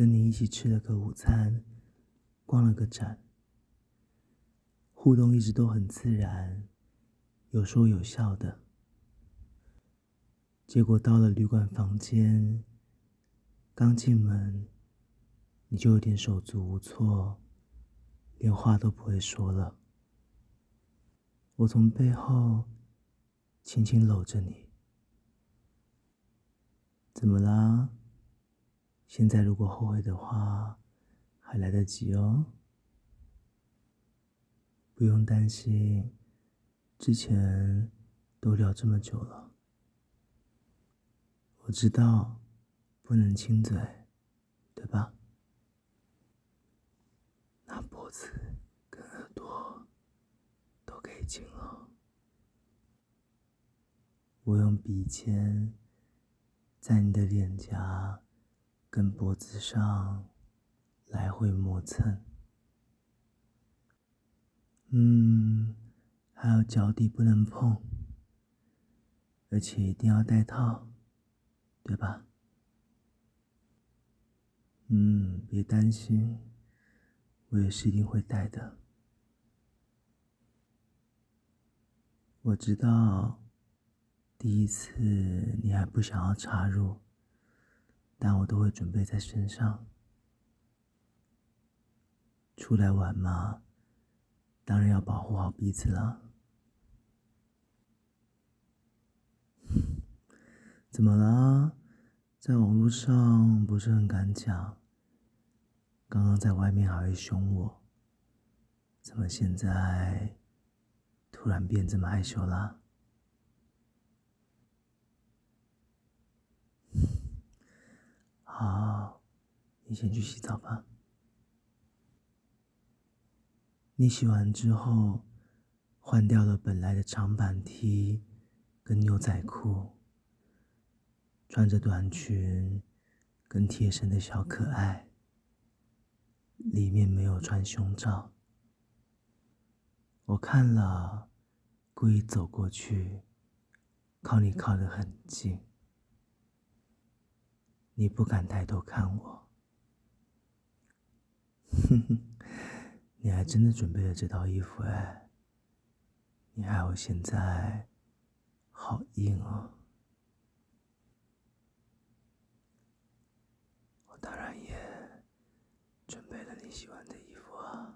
跟你一起吃了個午餐，逛了個展。互動一直都很自然，有說有笑的。結果到了旅館房間，剛進門你就有點手足無措，連話都不會說了。我從背後輕輕摟着你。怎麼啦？現在如果後悔的話，還來得及哦。不用擔心，之前都聊這麼久了，我知道不能親嘴，對吧？那脖子跟耳朵都可以親哦。我用鼻尖在你的臉頰。跟脖子上來回磨蹭，嗯，還有腳底不能碰，而且一定要戴套，對吧？嗯，別擔心，我也是一定會戴的。我知道，第一次你還不想要插入。但我都會準備在身上。出來玩嘛，當然要保護好彼此了。 怎麼了？在網絡上不是很敢講。剛剛在外面還會凶我，怎麼現在突然變這麼害羞了？好，你先去洗澡吧。你洗完之後，換掉了本來的長版 T 跟牛仔褲，穿着短裙跟貼身的小可愛，裡面沒有穿胸罩。我看了，故意走過去，靠你靠得很近。你不敢抬頭看我，哼哼，你還真的準備了這套衣服哎，你害我現在好硬哦。我當然也準備了你喜歡的衣服啊。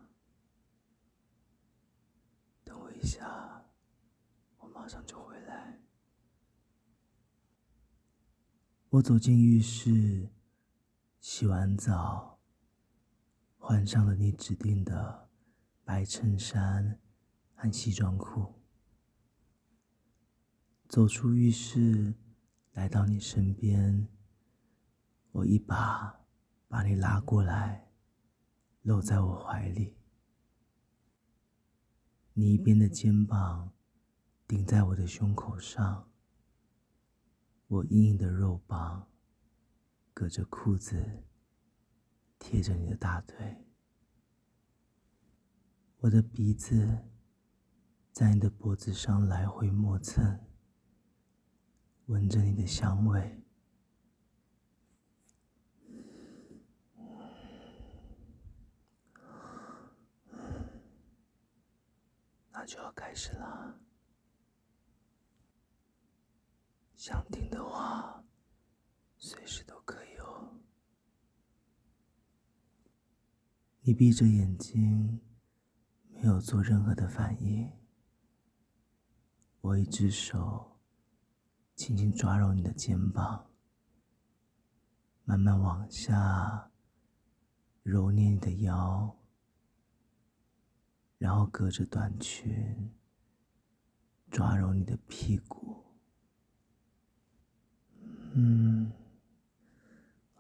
等我一下，我馬上就回來。我走進浴室，洗完澡，換上了你指定的白襯衫和西裝褲。走出浴室，來到你身邊，我一把把你拉過來，摟在我懷裡。你一邊的肩膀頂在我的胸口上。我硬硬的肉棒，隔着褲子，貼着你的大腿。我的鼻子，在你的脖子上來回磨蹭，聞着你的香味。那就要開始了。想聽的話，隨時都可以哦。你閉着眼睛，沒有做任何的反應。我一隻手輕輕抓揉你的肩膀，慢慢往下揉捏你的腰，然後隔着短裙抓揉你的屁股。嗯，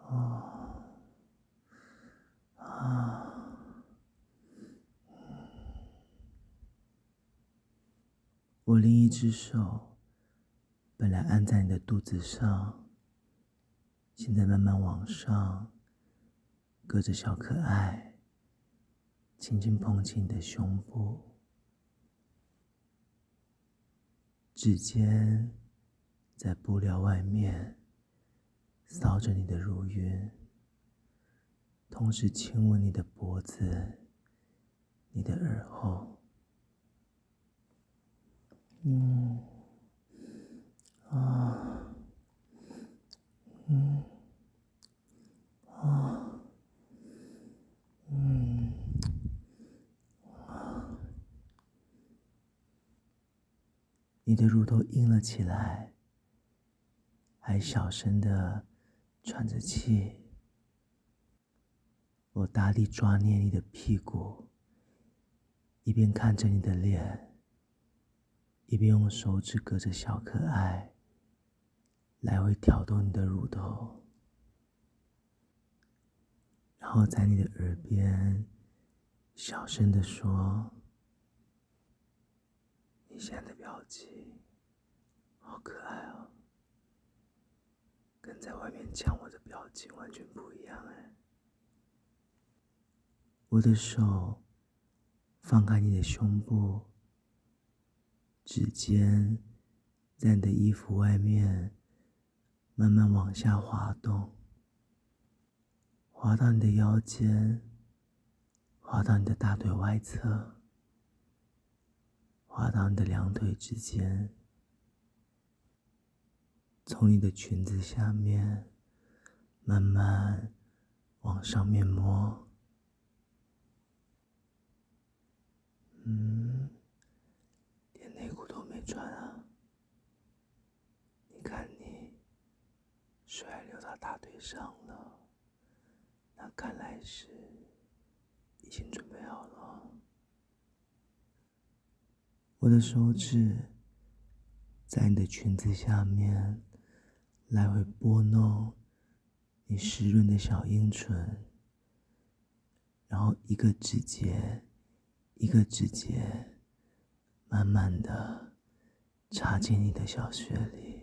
哦，啊，我另一隻手本來按在你的肚子上，現在慢慢往上，隔着小可愛，輕輕捧起你的胸部，指尖在布料外面。搔着你的乳暈，同時親吻你的脖子、你的耳後。嗯，啊，嗯，啊，嗯，啊，你的乳頭硬了起來，還小聲的。喘着氣，我大力抓捏你的屁股，一邊看着你的臉，一邊用手指隔着小可愛，來回挑逗你的乳頭，然後在你的耳邊小聲的說：“ 你現在的表情，好可愛哦。”跟在外面講我的表情完全不一樣哎。我的手放開你的胸部，指尖在你的衣服外面慢慢往下滑動，滑到你的腰間，滑到你的大腿外側，滑到你的兩腿之間。從你的裙子下面慢慢往上面摸，嗯，連內褲都沒穿啊！你看你，水還流到大腿上了，那看來是已經準備好了。我的手指在你的裙子下面。來回撥弄你濕潤的小陰唇，然後一個指節，一個指節，慢慢的插進你的小穴裡。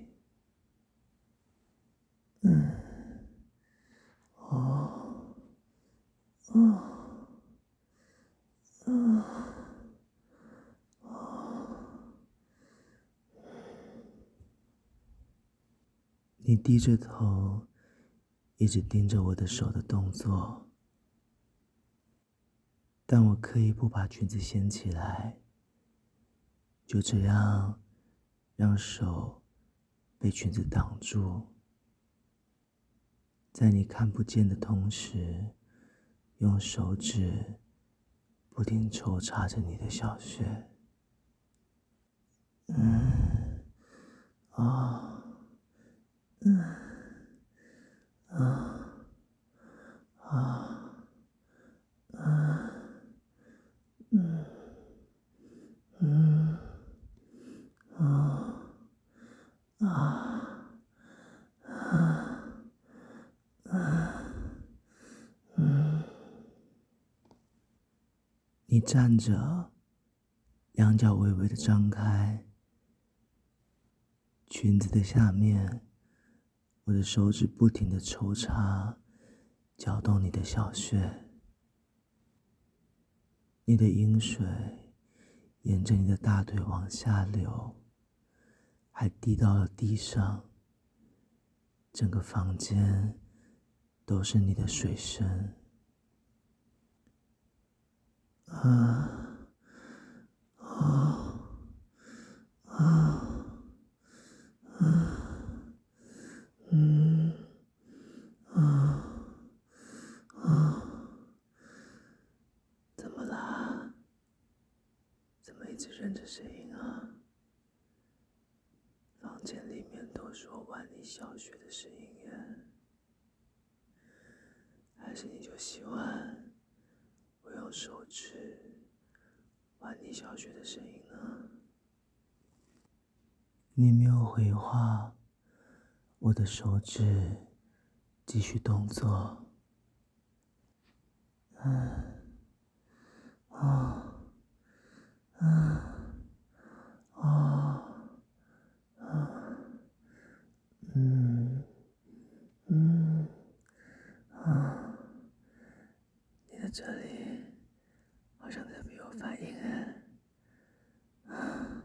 嗯，哦，哦你低着頭，一直盯着我的手的動作，但我刻意不把裙子掀起來，就這樣讓手被裙子擋住，在你看不見的同時，用手指不停抽插着你的小穴，嗯，啊、哦。嗯，啊，啊，啊，嗯，嗯，啊，啊，啊，啊，嗯、啊。啊啊、你站着，兩腳微微的張開，裙子的下面。我的手指不停地抽插，攪動你的小穴，你的陰水沿着你的大腿往下流，還滴到了地上。整個房間都是你的水聲。啊。我的手指繼續動作，嗯、哎哦，啊，嗯，啊，啊，嗯，嗯，啊，你在這裡，好像在比我反應，啊，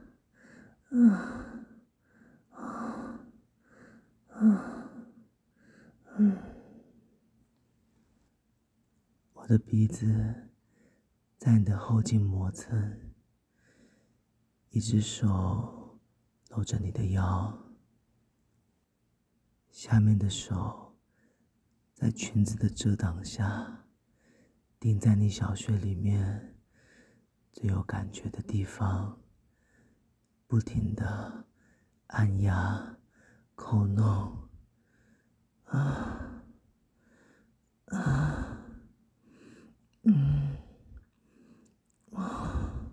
啊。啊，嗯，我的鼻子在你的後頸磨蹭，一只手摟着你的腰，下面的手在裙子的遮擋下，頂在你小穴裡面最有感覺的地方，不停的按壓。口弄啊啊，嗯，啊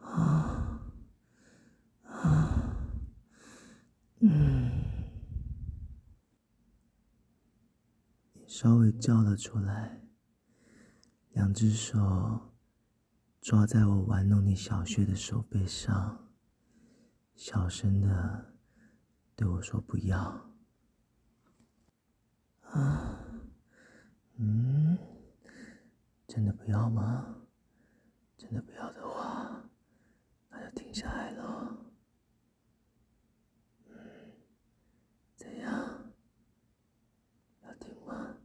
啊啊，嗯，你稍微叫了出來，兩只手抓在我玩弄你小穴的手背上，小聲的。對我說：“不要。”啊，嗯，真的不要嗎？真的不要的話，那就停下來了。嗯，怎樣？要停嗎？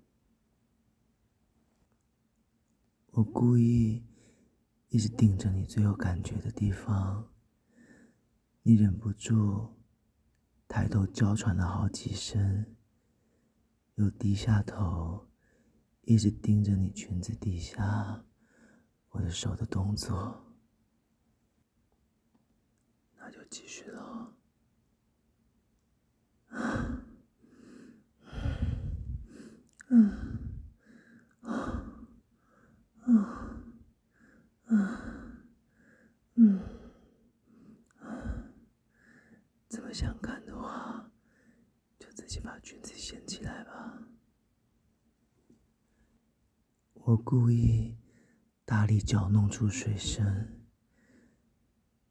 我故意一直頂著你最有感覺的地方，你忍不住。抬頭嬌喘了好幾聲，又低下頭，一直盯着你裙子底下我的手的動作，那就繼續了。我故意大力攪弄出水聲，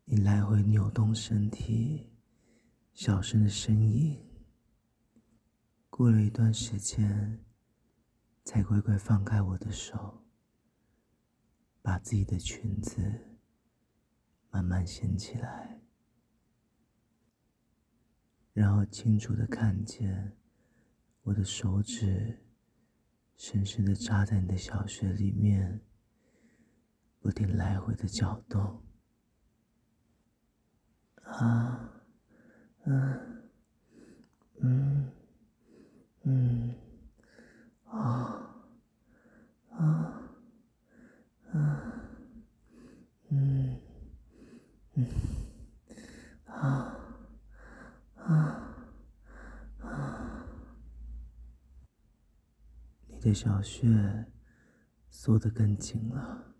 你來回扭動身體，小聲的呻吟。過了一段時間，才乖乖放開我的手，把自己的裙子慢慢掀起來，然後清楚的看見我的手指。深深的扎在你的小穴裡面，不停來回的攪動。啊，嗯、啊，嗯，嗯，啊，啊，啊，嗯，嗯，啊，啊。這小穴縮得更緊了，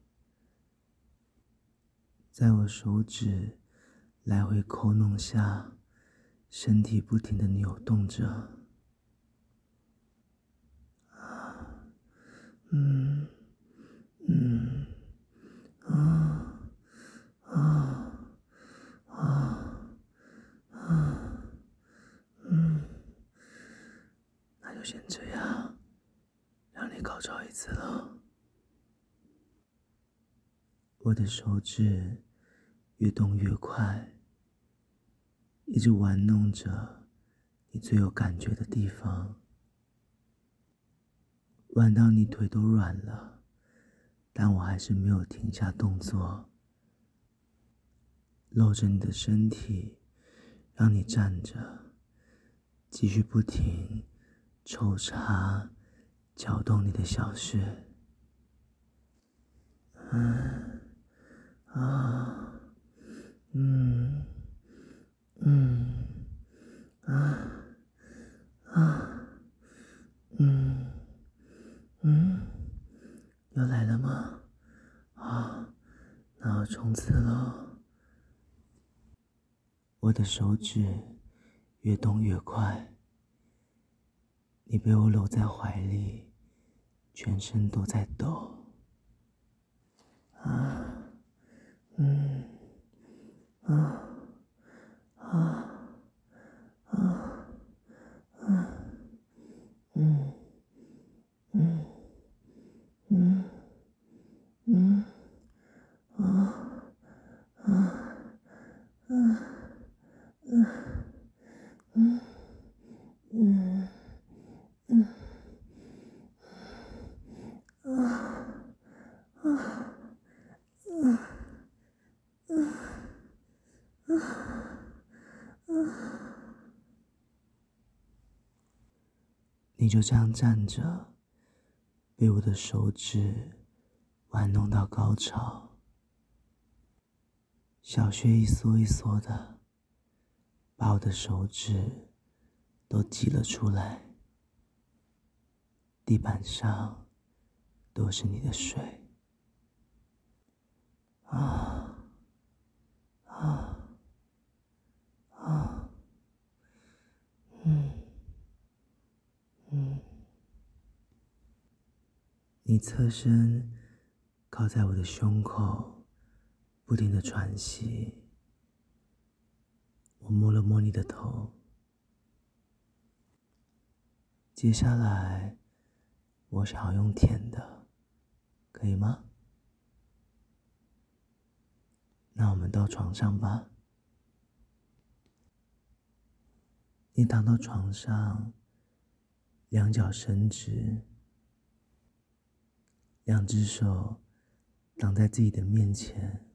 在我手指來回摳弄下，身體不停地扭動着，啊，嗯，嗯，啊，啊。高潮一次了，我的手指越動越快，一直玩弄着你最有感覺的地方，玩到你腿都軟了，但我還是沒有停下動作，摟着你的身體，讓你站着，繼續不停抽插。攪動你的小穴，嗯啊，啊，嗯嗯啊啊嗯嗯，要、啊啊嗯嗯、來了嗎？啊，那我衝刺嘍！我的手指越動越快。你被我摟在懷裡，全身都在抖。啊，嗯，啊，啊，啊，啊，嗯，嗯，嗯，嗯，啊，啊，嗯，啊，嗯。你就這樣站着，被我的手指玩弄到高潮，小穴一縮一縮的，把我的手指都擠了出來，地板上都是你的水，啊，啊，啊。你側身靠在我的胸口，不停的喘息。我摸了摸你的頭。接下來，我想要用舔的，可以嗎？那我們到床上吧。你躺到床上，兩腳伸直。兩隻手擋在自己的面前，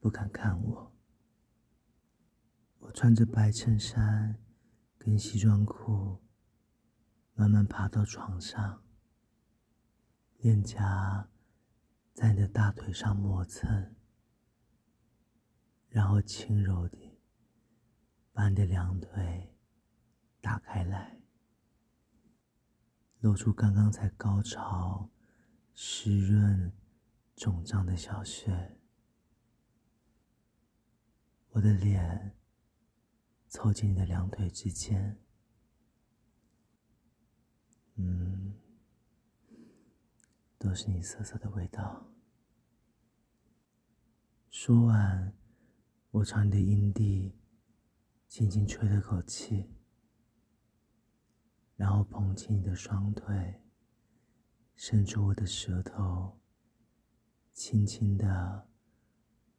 不敢看我。我穿着白襯衫跟西裝褲，慢慢爬到床上，臉頰在你的大腿上磨蹭，然後輕柔地把你的兩腿打開來，露出剛剛才高潮。濕潤、腫脹的小穴，我的臉湊近你的兩腿之間，嗯，都是你色色的味道。說完，我朝你的陰蒂輕輕吹了口氣，然後捧起你的雙腿。伸出我的舌頭，輕輕地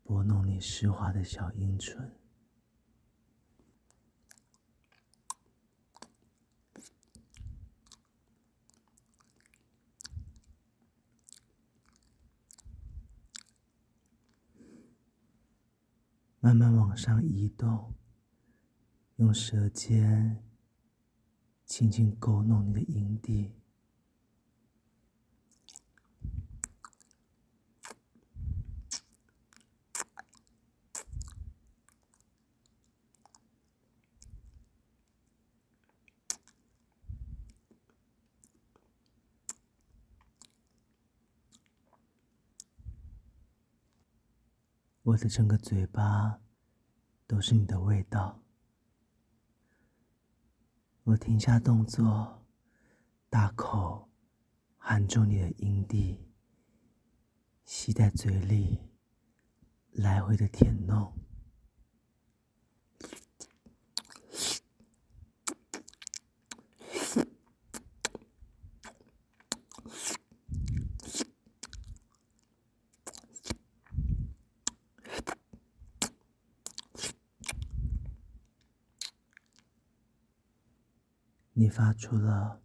撥弄你濕滑的小陰唇，慢慢往上移動，用舌尖輕輕勾弄你的陰蒂。我的整個嘴巴都是你的味道，我停下動作，大口含住你的陰蒂，吸在嘴裡，來回的舔弄。你發出了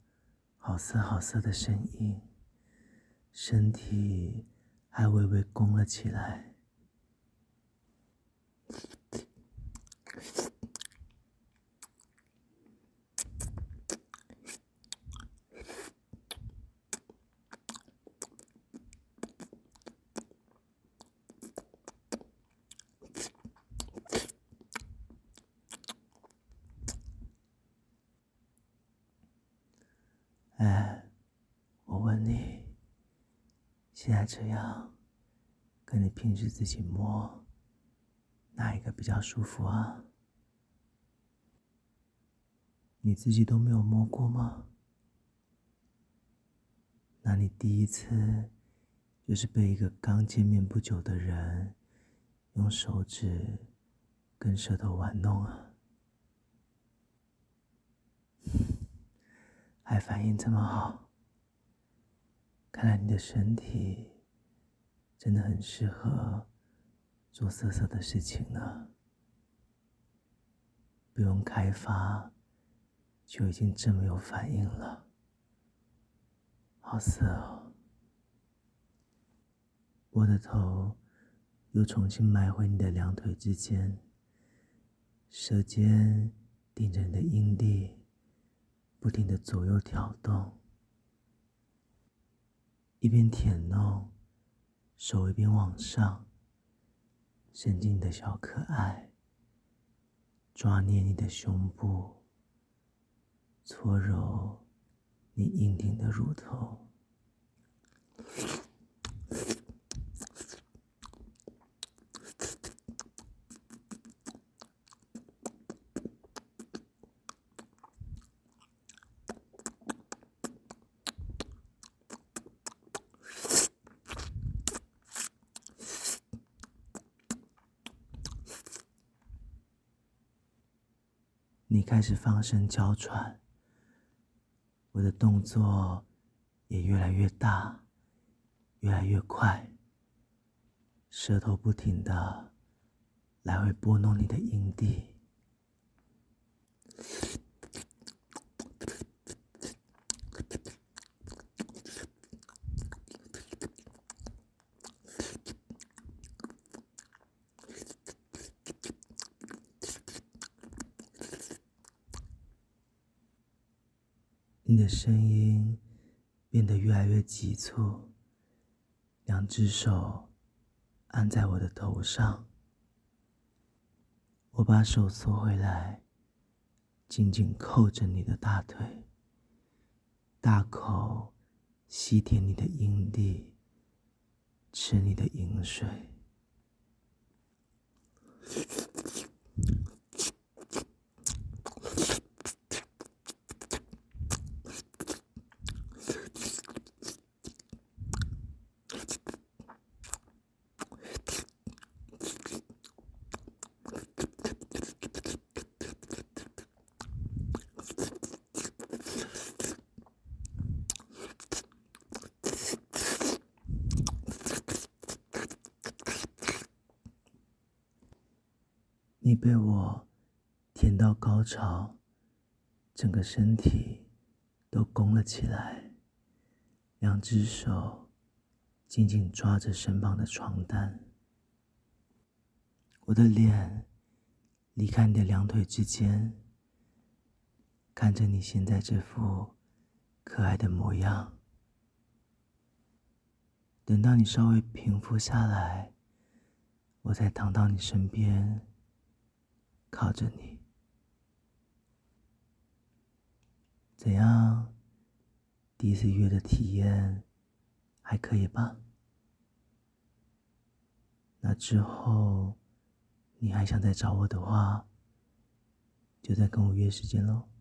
好色好色的聲音，身體還微微弓了起來。現在這樣，跟你平時自己摸，哪一個比較舒服啊？你自己都沒有摸過嗎？那你第一次，就是被一個剛見面不久的人，用手指，跟舌頭玩弄啊？ 還反應這麼好。看來你的身體真的很適合做色色的事情呢、啊，不用開發就已經這麼有反應了。好色哦，我的頭又重新埋回你的兩腿之間，舌尖頂着你的陰蒂，不停的左右挑動。一邊舔弄，手一邊往上伸進你的小可愛，抓捏你的胸部，搓揉你硬挺的乳頭。是放聲嬌喘，我的動作也越來越大，越來越快，舌頭不停地來回撥弄你的陰蒂。你的聲音變得越來越急促，兩隻手按在我的頭上，我把手縮回來，緊緊扣着你的大腿，大口吸舔你的陰蒂，吃你的淫水。 被我舔到高潮，整個身體都弓了起來，兩隻手緊緊抓着身旁的床單。我的臉離開你的兩腿之間，看着你現在這副可愛的模樣。等到你稍微平復下來，我再躺到你身邊。靠着你，怎樣？第一次約的體驗還可以吧？那之後你還想再找我的話，就再跟我約時間嘍。